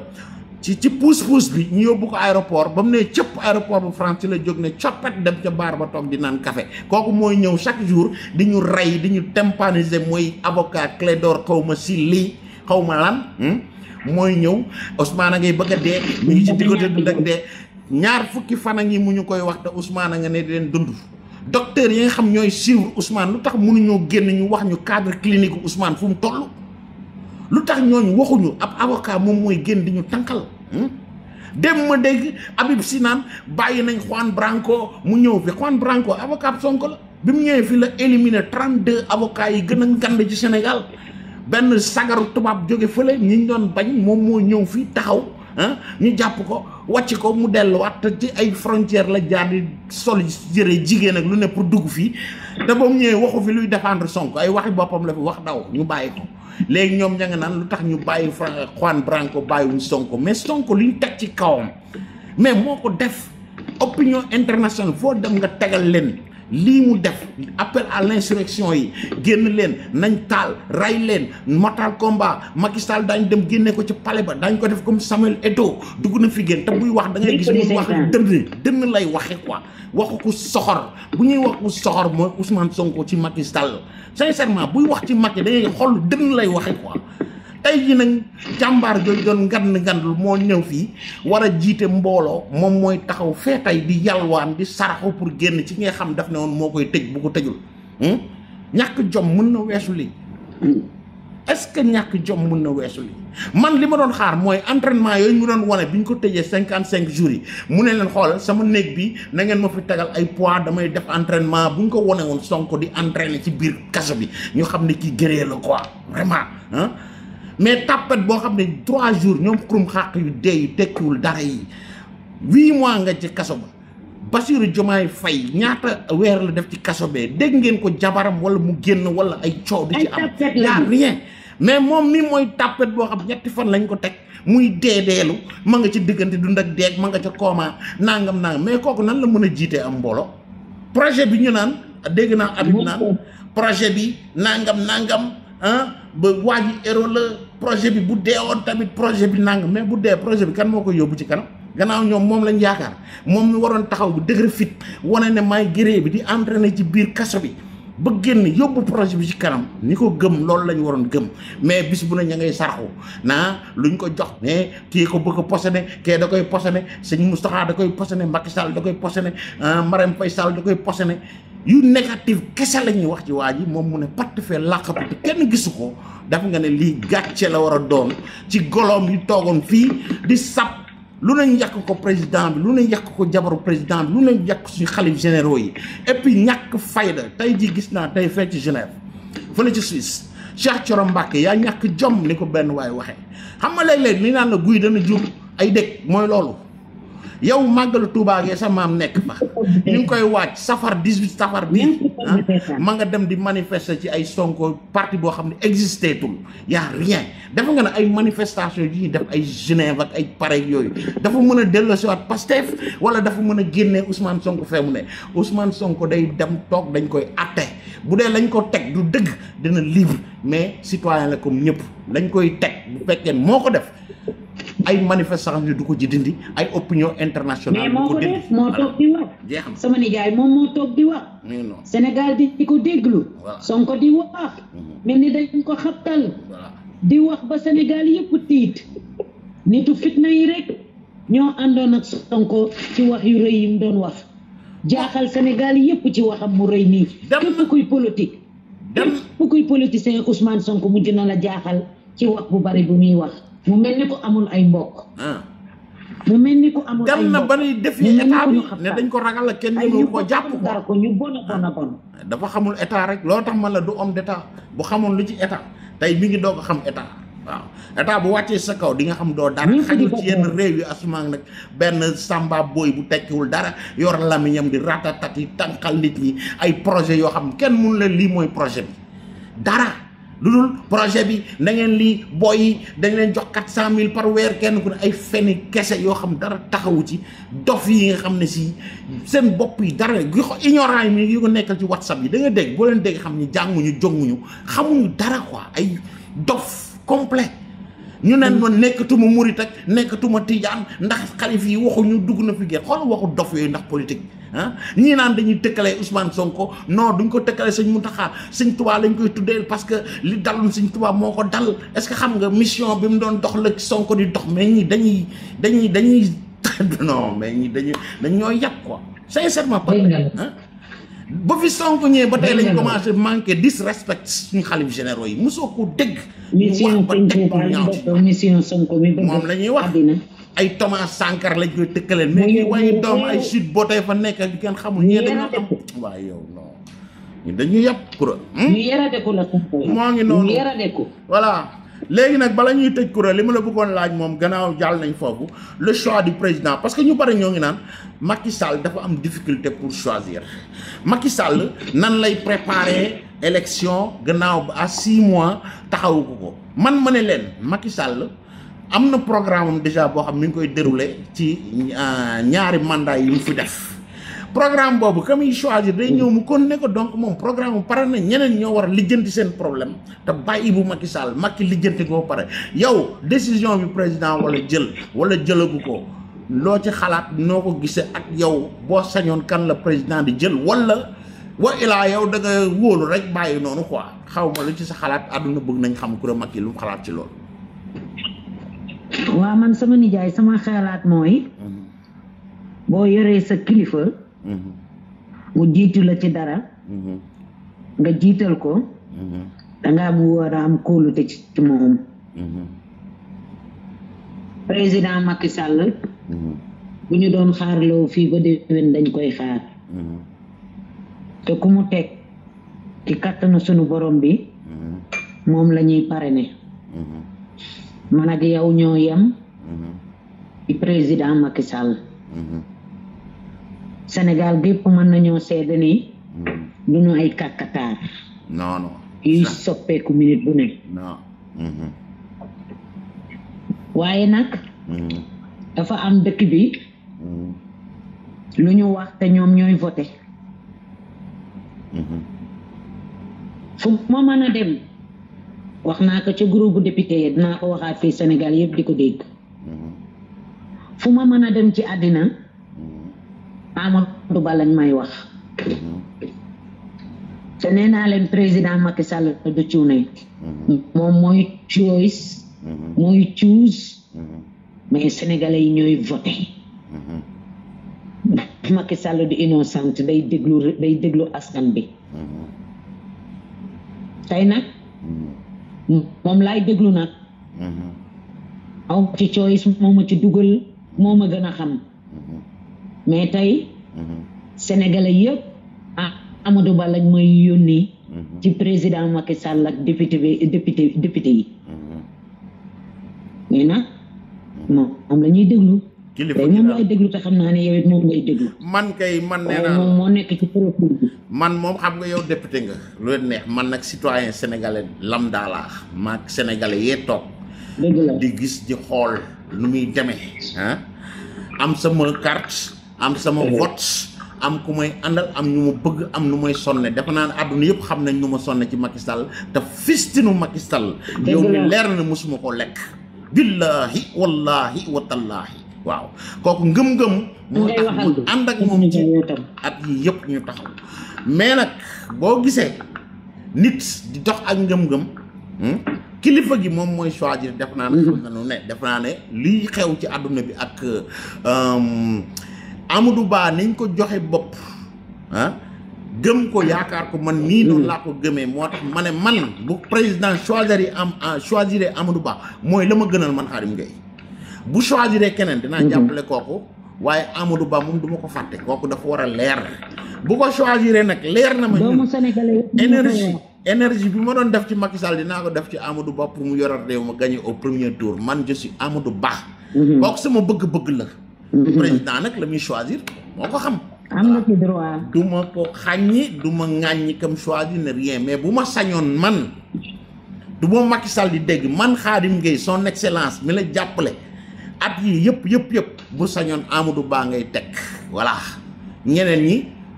ci ci puus puus bi ñu yóbbu ko aéroport ba mu ne cëpp aéroport bu France ci la jóg ne coppet dem ca baar ba toog di naan café kooku mooy ñëw chaque jour di ñu rey di ñu tympaniser hmm? mooy avocat clé d'or xaw ma si lii xaw ma lan mooy Ousmane ngay bëgg a dee ci diggante dund ak dee ñaar fukki fan a ngi mu ñu koy wax Ousmane nga ne di leen dund docteur yi nga xam ñoy suivre Ousmane lutax mënu mënuñoo génn ñu wax ñu cadre clinique Ousmane fu mu toll lu tax waxu ñu ab avocat mom moy génn di ñu tankal hmm? dem ma deg Habib Sinan bayyi nañ Juan Branco mu ñew fi Juan Branco avocat Sonko la bimu mu fi la éliminer 32 avocat yi gëna ngand ci Sénégal ben sagaru tubab jóge fele ñi ñu doon bañ mom mo ñew fi taxaw ñu jàpp ko wàcc ko mu delluwaat te ci ay frontière la jaar di sol jëre jigéen ak lu ne pour dugg fii te ba mu ñëwee waxu fi luy défendre Sonko ay waxi boppam la fi wax daw ñu bàyyi ko léegi ñoom ña nga naan lu tax ñu bàyyi Juan Branco bàyyiwuñ Sonko mais sonk li ñu teg ci kawam mais moo ko def opinion internationale foo dem nga tegal leen lii mu def appel à l'insurrection yi génn leen nañ taal ray leen matal combat Macky Sall daañu dem génne ko ci pale ba dañ ko def comme Samuel Eto'o dugg na fi génn te buy wax da ngay gis muy wax dënn dënn lay waxe quoi waxu ku soxor bu ñuy wax ku soxor mooy Ousmane Sonko ci Macky Sall sincèrement buy wax ci Macky da ngay xool dënn lay waxe quoi tay ji nag jambar jooju doon ngand ngandul mo ñew fi wara jité mbolo mom moy taxaw di yalwaan di saraxu pour génn ci nga xam daf ne mo koy tejj bu ko hmm ñak jom mën na wessu li est ce que jom mën na wessu li man lima ma doon xaar moy entraînement yoy ñu doon wane biñ ko tejjé 55 jours yi mu ne len xol sama neeg bi na ngeen ma fi tagal ay poids damay def entraînement buñ ko woné won sonko di entraîner ci bir kaso bi ñu xam ne kii la quoi vraiment ah mais tàppat boo xam ne trois jours ñoom xurum xàq yu dee yu tekkiwul dara yi huit mois nga ci kaso ba Bassirou yi fay ñaata weer la def ci kaso dégg ngeen ko jabaram wala mu génn wala ay coow du ci am yaa rien mais moom mi mooy tàppet boo xam ñetti fan lañ ko teg muy deedeelu ma nga ci diggante dund ak deeg ma nga ca koomaa nangam nangam mais kooku nan la mën a jiitee am mbooloo projet bi ñu naan dégg naa Habib naan projet bi nangam nangam ba waa ji héros la projet bi bu dee woon tamit projet bi nang mais bu dee projet bi kan moo ko yóbbu ci kanam gannaaw ñoom moom lañ yaakaar moom ñu waroon taxaw bu dëgër fit wane ne may géré bi di entraîné ci biir kaso bi ba génn yóbbu projet bi ci kanam ni ko gëm loolu lañ waroon gëm mais bis bu nañ ña ngay sarxu naa ñu ko jox mais kii ko bëgg a posone kee da koy posone sëñ Moustapha da koy posone Macky Sall da koy posone ah, Marème Faye Sall da koy posone yu négatif kese la ñuy wax ci waa ji moom mu ne patt fee làqatu te kenn gisu ko daf nga ne lii gàcce la war a doon ci goloom yu toogoon fii di sab lu nañ yàq ko président bi lu nañ yàq ko jabaru président bi lu nañ yàq suñu xalif généraux yi et puis ñàkk fayda tey ji gis naa tey fee ci Genève fële ci Suisse Cheikh coro Mbacké yaa ñàkk jom ni ko benn waay waxee xam nga léeg-léeg ni naan la guy dana jur ay dëkk mooy loolu yow magal Touba ge sa mam nek fa *laughs* ñu ngi koy waaj safar 18 safar bi ah, ma nga dem di manifester ci ay sonko parti bo xamni ne existé y'a rien dafa nga ne ay manifestation yi def ay Genève ak ay pare yoy dafa mën a wat Pastef wala dafa mën a Ousmane Sonko fe mu ne Ousmane Sonko day dem tok dañ koy atte budé lañ ko teg du deug dina livre mais citoyen la comme ñep lañ koy teg bu fekké moko def ay manifestation yu duko ci dindi ay opinion international du ko dindi mo tok di wax sama gay moom mo tok di wax Senegal di ko deglu son ko di wax mhm. melni dañ ko xattal di wax ba sénégal yépp tiit nitu fitna yi rek ño andon ak ko ci wax yu reuy yi doon wax jaaxal sénégal yépp ci waxam mu rëy nii képp kuy politique dem képp kuy politicien ousmane sonko mu dina la jaaxal ci wax bu bari bu mi wax mu melni ko amul ay mbokk ah. mu melni ko amul dem na ba def yi état bi ne dañ ko ragal ak kenn ñu ko japp ko dara ko ñu bon na bon dafa xamul état rek lo tax man la du homme d'état bu xamul lu ci état tay mi ngi doog xam état waaw état bu wacce sa kaw di nga xam do dara xañu ci yenn rew yi asman nak ben samba boy bu tekkiwul dara yor lamiñam di ratatati tankal nit ñi ay projet yo xam kenn mun la li moy projet bi dara lu dul projet bi na ngeen lii booy yi dañ leen jox quatre cent mille par weer kenn ku ne ay fenn kese yoo xam dara taxawu ci dof yi nga xam ne si seen bopp yi dara gi ko ignorant yi mi ngi ko nekkal ci whatsapp yi da nga dégg boo leen dégg xam ni jànguñu jonguñu xamuñu dara quoi ay dof complet ñu nen ma nekkatuma murit ak nekkatuma tijaan ndax xalif yi waxuñu dugg na fi gerte xool waxu dof yooyu ndax politique ah ñii naan dañuy tëkkalee Ousmane Sonko no duñ ko tëkkalee sëñ Mountakha sëñ Touba lañ koy tuddee parce que li dalum sëñ Touba moo ko dal est-ce que xam nga mission bi mu doon dox la Sonko di dox mais ñii dañuy dañuy dañuy *laughs* non mais ñii dañuy dañ ñoo yàpp quoi sincèrement pas ba fi Sonko ñëwee ba tey lañ commencé manqué disrespect suñu xalif généro yi mosoo ko dégg. ñu wax ba teg ñu ñaaw mission Sonko mi bëgg la ñuy wax. ay Thomas Sankara lañ koy tëkkaleen mais ñuy waaye doom ay boo bootee fa nekk ak kenn xamul ñee dañoo am waaw yow non ñu dañu yàpp kura hmm? ñu yaradeku la moo ngi noonu yaradeku léegi nag bala ñuy tëj kura li ma la bëggoon laaj moom gannaaw jàll nañ foofu le choix du président parce que ñu bari ñoo ngi naan Macky Sall dafa am difficulté pour choisir Macky Sall nan lay préparer élection gannaaw ba à six mois taxawu ko ko man ma ne leen Macky Sall am na programme am déjà boo xam mi ngi koy dérouler ci euh, ñaari mandat yi mu fi def programme boobu ka muy choisir day ñëw mu kon ne donc moom programme pare na ñeneen ñoo war a lijjanti seen problème te bàyyi bu saal mag Macky lijjanti ko pare yow décision bi président walla jël wala jëlagu ko loo ci xalaat noo ko gisee ak yow boo sañoon kan la président di jël wala wa ilaa yow da nga wóolu rek bàyyi noonu quoi xaw ma lu ci sa xalaat àdduna bëgg nañ xam ku Macky lu mu xalaat ci loolu. waa man sama nijaay sama xalaat mooy boo yoree sa kilifa mu jiitu la ci dara nga jiital ko danga bu war a am kóolute ci moom président Macky Sall bu ñu doon xaarloo fii ba déwén dañ koy xaar te ku mu teg ci kàttanu sunu borom bi moom lañuy pare ne man ak yow ñoo yem mhm. président Macky senegal mhm. gépp mën nañoo seede ni mhm. du ñu ay kàkkataar non yuy soppeeku minit bu ne waaye nag dafa am dëkk bi lu ñu wax ñoom ñooy voté fu ma mën a dem wax naa ko ca groupe député yi dinaa ko waxaat fii Sénégal yëpp di ko dégg mm-hmm. fu ma mën a dem ci àddina mm-hmm. Amadou Ba lañ may wax mm-hmm. te nee naa leen président Macky Sall du cuune moom mooy choice mooy choose mais sénégalais yi ñooy voté ndax *laughs* Macky Sall du innocent day déglu day déglu askan bi tey nag moom laay déglu nag mm-hmm. aw ci choice moom ma ci dugal moom a gën a xam mm-hmm. mais tey mm-hmm. sénégalais yëpp ah Amadou Ba lañ may yónni ci président Macky Sall ak député bi député député yi mais nag moom am la ñuy déglu kilifa gi moom déglu te xam naa ne yow it moom ngay déglu. man kay man nee naa moom moo nekk ci profil bi. man moom xam nga yow député di gis di xool am sama carte am sama vote am ku may am ñu ma am nu may sonne dafa naa àdduna yëpp xam nañ nu ma sonne ci Macky Sall te fistinu Macky Sall. yow mi leer na mosuma billahi wallahi wa tallahi waaw kooku ngëm-ngëm mu ànd ak moom ci at yii yëpp ñu taxaw mais nag boo gisee nit di dox ak ngëm-ngëm hmm, kilifa gi moom mooy choisir def naa ne xam nanu ne def naa ne liy xew ci àdduna bi ak euh, Amadou Ba niñ ko joxe bopp ah gëm ko yaakaar ko man nii noonu laa ko gëmee moo tax ma ne man bu président choisir yi am choisir Amadou Ba mooy la ma gënal man Khadim Gueye bu choisiré kenen dina mhm. jàppale koku waye amadou ba mum duma ko faté koku dafa wara lèr bu ko choisiré nak lèr na ma ñu énergie énergie bi ma doon def ci Macky Sall dina ko def ci amadou ba pour mu yoral réew ma gagner au premier tour man je suis amadou ba bok mhm. sama bëgg-bëgg la mhm. président nak lamuy choisir moko xam amna ci droit ah, duma ko xàññi duma ma ŋàññi comme choisir ne rien mais buma sañon man du bo Macky Sall di dégg man Khadim Gueye son excellence mi la jappalé at yi yep yep yep bu sañon amadou ba ngay tek voilà ñeneen ñi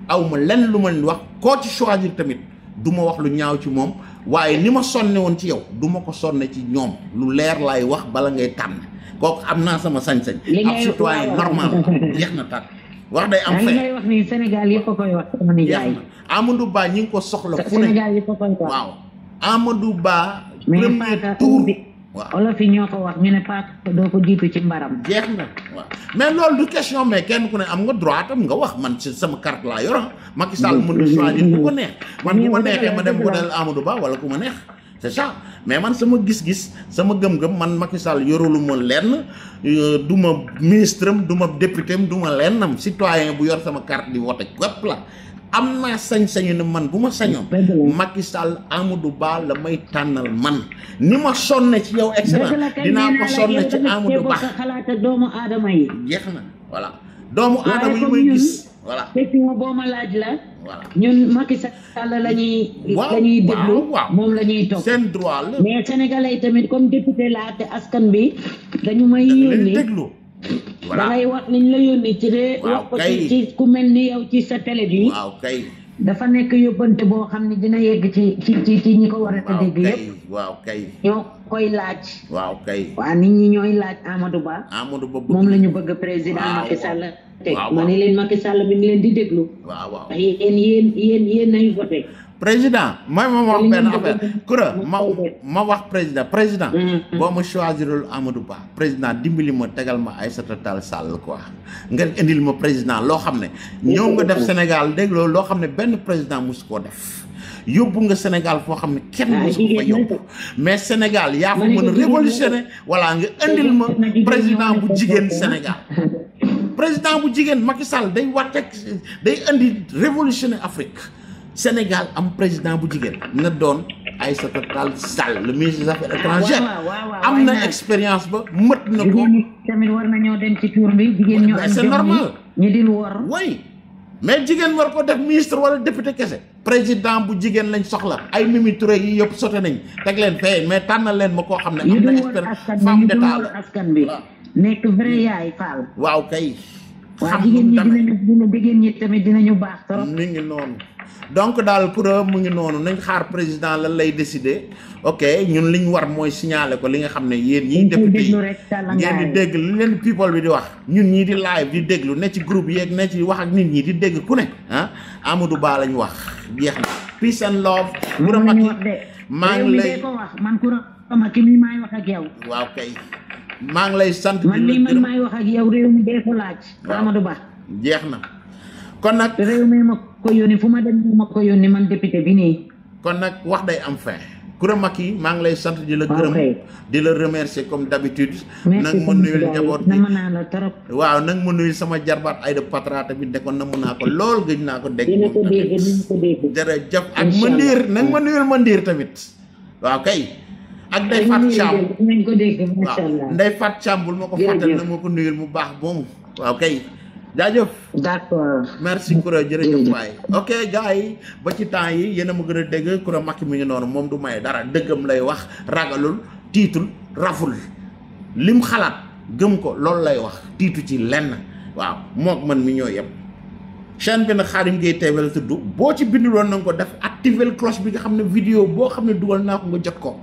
awma ma lenn lu ma wax ko ci choisir tamit duma wax lu ñaaw ci mom waye nima sonné won ci yow duma ko sonné ci ñom lu leer lay wax bala ngay tan kok amna sama sañ-sañ ak citoyen normal yeex na tak, wax day am fay wax ni sénégal yëpp koy wax sama nijaay amadou ba ñing ko soxla fu ne koy wax waaw amadou ba premier tour waaw olof yi ñoo ko wax ñu ne paak do ko jitu ci mbaram jeex na mais lool du question mais kenn ku ne am nga droit am nga wax man ci sama carte la yor Macky Sall mën na choisir ku ko neex man bu ma neexé ma dem votel Amadou Ba wala ku ma neex c'est ça mais man sama gis-gis sama gem gem, man Macky Sall yorolu mo lenn euh, duma duma ministre situ député duma citoyen bu yor sama carte di vote képp la am naa sañ-sañu ne man bu ma sañoon Macky Sall du baax la may tànnal man ni ma sonne ci yow excellent dinaa ko sonne ci Amadou Ba doomu aadama yi jeex na voilà doomu aadama yi may gis voilà question boo ma laaj la voilà ñun la ñuy la ñuy moom la ñuy topp seen droit la mais sénégalais yi tamit comme député laa te askan bi dañu may yónni déglu voilà da ngay wax la yónnee ci ree ku mel ni yow ci sa télé bi waaw kay dafa nekk yóbbante boo xam ne dina yegg ci ci ci ñi ko war a dégg yëpp waaw kay ñoo koy laaj waaw kay waa nit ñi ñooy laaj Amadou Ba Amadou Ba moom la ñu bëgg président Macky sàll teg ma ne leen Macky sàll bi ngi leen di déglu waaw waaw président mooy ma wax ma ma wax président président mm-hmm. boo ma choisirul Amadou Ba président dimbali ma tegal ma Aïssata Tall Sall quoi nga indil ma président loo xam ne ñëw nga def Sénégal dégg loo xam ne benn président mosu koo def yóbbu nga Sénégal foo xam ne kenn ah, mosu ko yóbbu mais Sénégal yaa fa mën a révolutionner voilà nga indil ma président bu jigéen Sénégal président bu jigéen Macky Sall day wàtteeg day indi révolutionner Afrique Sénégal am président bu jigéen na doon ay Aïssata Tall Sall le ministre des affaires étrangères am na expérience ba mët na ko tamit war na ñoo dem ci tour bi jigéen ñoo am c'est normal ñu di war way mais jigéen war ko def ministre wala député kese président bu jigéen lañ soxla ay Mimi Touré yi yëpp sote nañ teg leen fee mais tànnal leen ma koo xam ne am na expérience femme d'état la askan bi nekk vrai yaay waaw kay xam jigéen ñi dinañu dina jigéen ñi tamit baax trop. mi ngi noonu donc daal pour mu ngi noonu nañ xaar président la lay décider ok ñun liñ war mooy signaler ko li nga xam ne yéen ñii député yi ngeen di dégg li leen people bi di wax ñun ñii di live di déglu ne ci groupe yeeg ne ci wax ak nit ñi di dégg ku ne ah Amadou Ba lañ wax jeex na peace and love maa ngi lay man ku ra Macky mi maay wax ak yow waaw kay maa ngi lay sant. man lii man maay wax ak yow réew mi dee laaj. Amadou Ba. jeex na kon nag. réew mi ma ko yónni fu ma dem ma ko man député bi nii. kon nag wax day am fin. Coura Macky maa lay sant di la gërëm di la remercier comme d'habitude nag ma nuyul njaboot bi waaw nag ma nuyul sama jarbaat Aïda Patra tamit de ko namm naa ko lool gëj naa ko dégg moom jërëjëf ak Mandiir nag ma nuyul Mandiir tamit waaw kay ak Ndeye Fatou Thiam nañ ko dégg macha allah Ndeye Fatou ko fàttali na ma ko nuyul mu baax boomu waaw kay jaajëf d'accord merci Koura jërëjëf waay ok gars yi ba ci temps yi yéen a ma gën a dégg Koura Macky mi noonu moom du may dara dëggam lay wax ragalul tiitul raful lim xalaat gëm ko loolu lay wax tiitu ci lenn waaw mook man mi ñoo yëpp chaîne bi nag Khadim Gueye TV la boo ci binduloon na nga ko def activer cloche bi nga xam ne vidéo boo xam ne dugal naa ko nga jot ko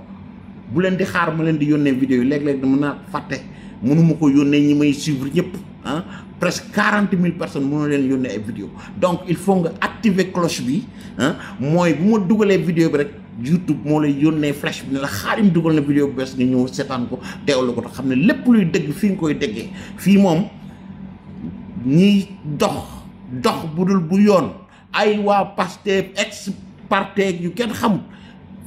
bu leen di xaar ma leen di yónnee vidéo yi léeg-léeg dama naa fàtte mënuma ko yónnee ñi may suivre ñëpp ah presque quarante mille personnes mënu leen yónnee ay vidéo donc il faut nga activer cloche bi ah mooy bu ma dugalee vidéo bi rek YouTube moo lay yónnee flash bi ne la xaarim dugal na vidéo bu bees nga ñëw seetaan ko la ko te xam ne lépp luy dëgg fi nga koy déggee fii moom ñiy dox dox bu dul bu yoon ay waa Pastef ex Partec yu kenn xamul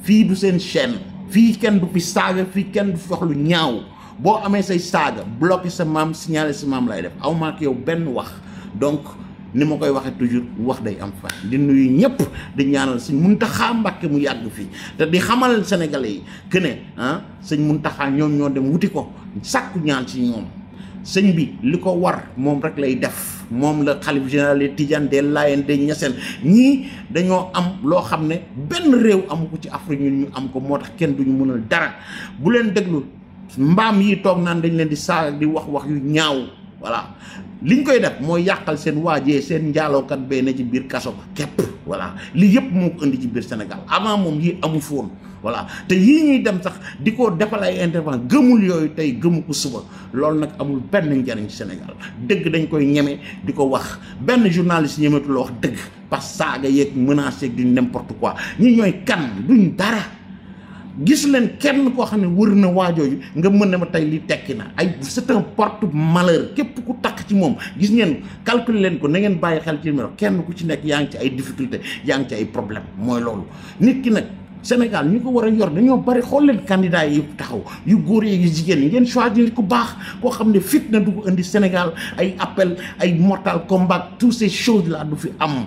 fii du seen chaîne fii kenn du fi saaga fii kenn du fi wax lu ñaaw boo amee say saaga bloqué sa maam signalé sa maam lay def aw ma yow benn wax donc ni ma koy waxee toujours wax day am fa di nuyu ñëpp di ñaanal sëñ Muntaxa Mbàkke mu yàgg fii te di xamal sénégalais yi que ne ah sëñ Muntaxa ñoom ñoo dem wuti ko sàkku ñaan ci ñoom. sëñ bi li ko war moom rek lay def moom la xalif général de Tidiane de Layen de Niassène ñii dañoo am loo xam ne benn réew amu ko ci Afrique ñun ñu am ko moo tax kenn duñu mënal dara bu leen déglu mbaam yi toog naan dañ leen di saa di wax wax yu ñaaw voilà liñ koy def mooy yàqal seen waajee seen njaalookat bee ci biir kaso ba képp lii yëpp moo ko indi ci biir Sénégal avant moom yi amu foon voilà te yii ñuy dem sax di ko defal ay intervention gëmul yooyu tey gëmu ko suba loolu nag amul benn njariñ ci Sénégal dëgg dañ koy ñeme di ko wax benn journaliste ñemetu la wax dëgg parce que saaga yeeg menace yeeg di n'importe quoi ñi ñooy kan duñ dara gis leen kenn koo xam ne wër na waajooju nga mën na ma tey li tekki na ay c'est un porte malheur képp ku takk ci moom gis ngeen calculer leen ko na ngeen bàyyi xel ci numéro kenn ku ci nekk yaa ngi ci ay difficulté yaa ngi ay problème mooy loolu nit ki nag Sénégal ñu ko war a yor dañoo bari xool leen candidat yi taxaw yu góor yi yu jigéen yi ngeen choisir ku baax koo xam ne fit na du ko indi Sénégal ay appel ay mortal combat toutes ces choses là du fi am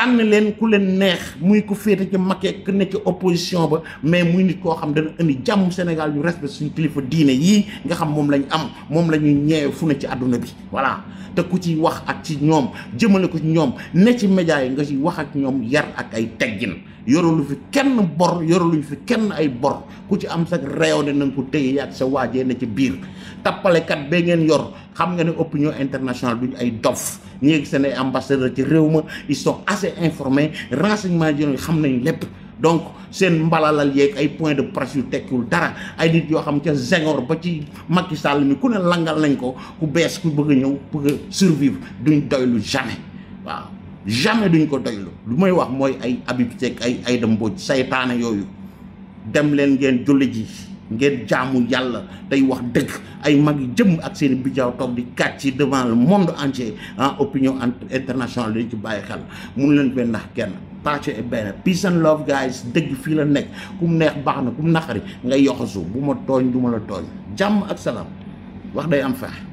tànn leen ku leen neex muy ku féete ci makkee ku nekk ci opposition ba mais muy nit koo xam dana indi jàmm Sénégal ñu respect suñu kilifa diine yii nga xam moom lañu am moom la ñuy ñeew fu ne ci àdduna bi voilà te ku ci wax ak ci ñoom jëmale ko ci ñoom ne ci média yi nga ci wax ak ñoom yar ak ay teggin yoralu fi kenn bor yoraluñ fi kenn ay bor ku ci am sax réew de na ko téye yaag sa waajee ne ci biir tappalekat bee ngeen yor xam nga ne opinion internationale duñ ay dof ñi ngi seen ay ambassadeur ci réew ma ils sont assez informés renseignement yi xam nañ lépp donc seen mbalalal yeeg ay point de presse yu tekkiwul dara ay nit yoo xam ca Senghor ba ci Macky Sall mi ku ne langal nañ ko ku bees ku bëgg a ñëw bëgg a survivre duñ doylu jamais waaw jamais duñ ko doylu lu may wax mooy ay Habib Seck ay Aïda Mbodj saytaane yooyu dem leen ngeen julli ji ngeen jaamu yàlla day wax dëgg ay mag yu jëm ak seen bijaaw toog di kàcc ci devant le monde entier en opinion internationale dañ ci bàyyi xel mun leen fee ndax kenn pàcc benn peace and love guys dëgg fii la nekk ku mu neex baax na ku mu naqari nga yoxasu bu ma tooñ du ma la tooñ jàmm ak salaam wax day am fex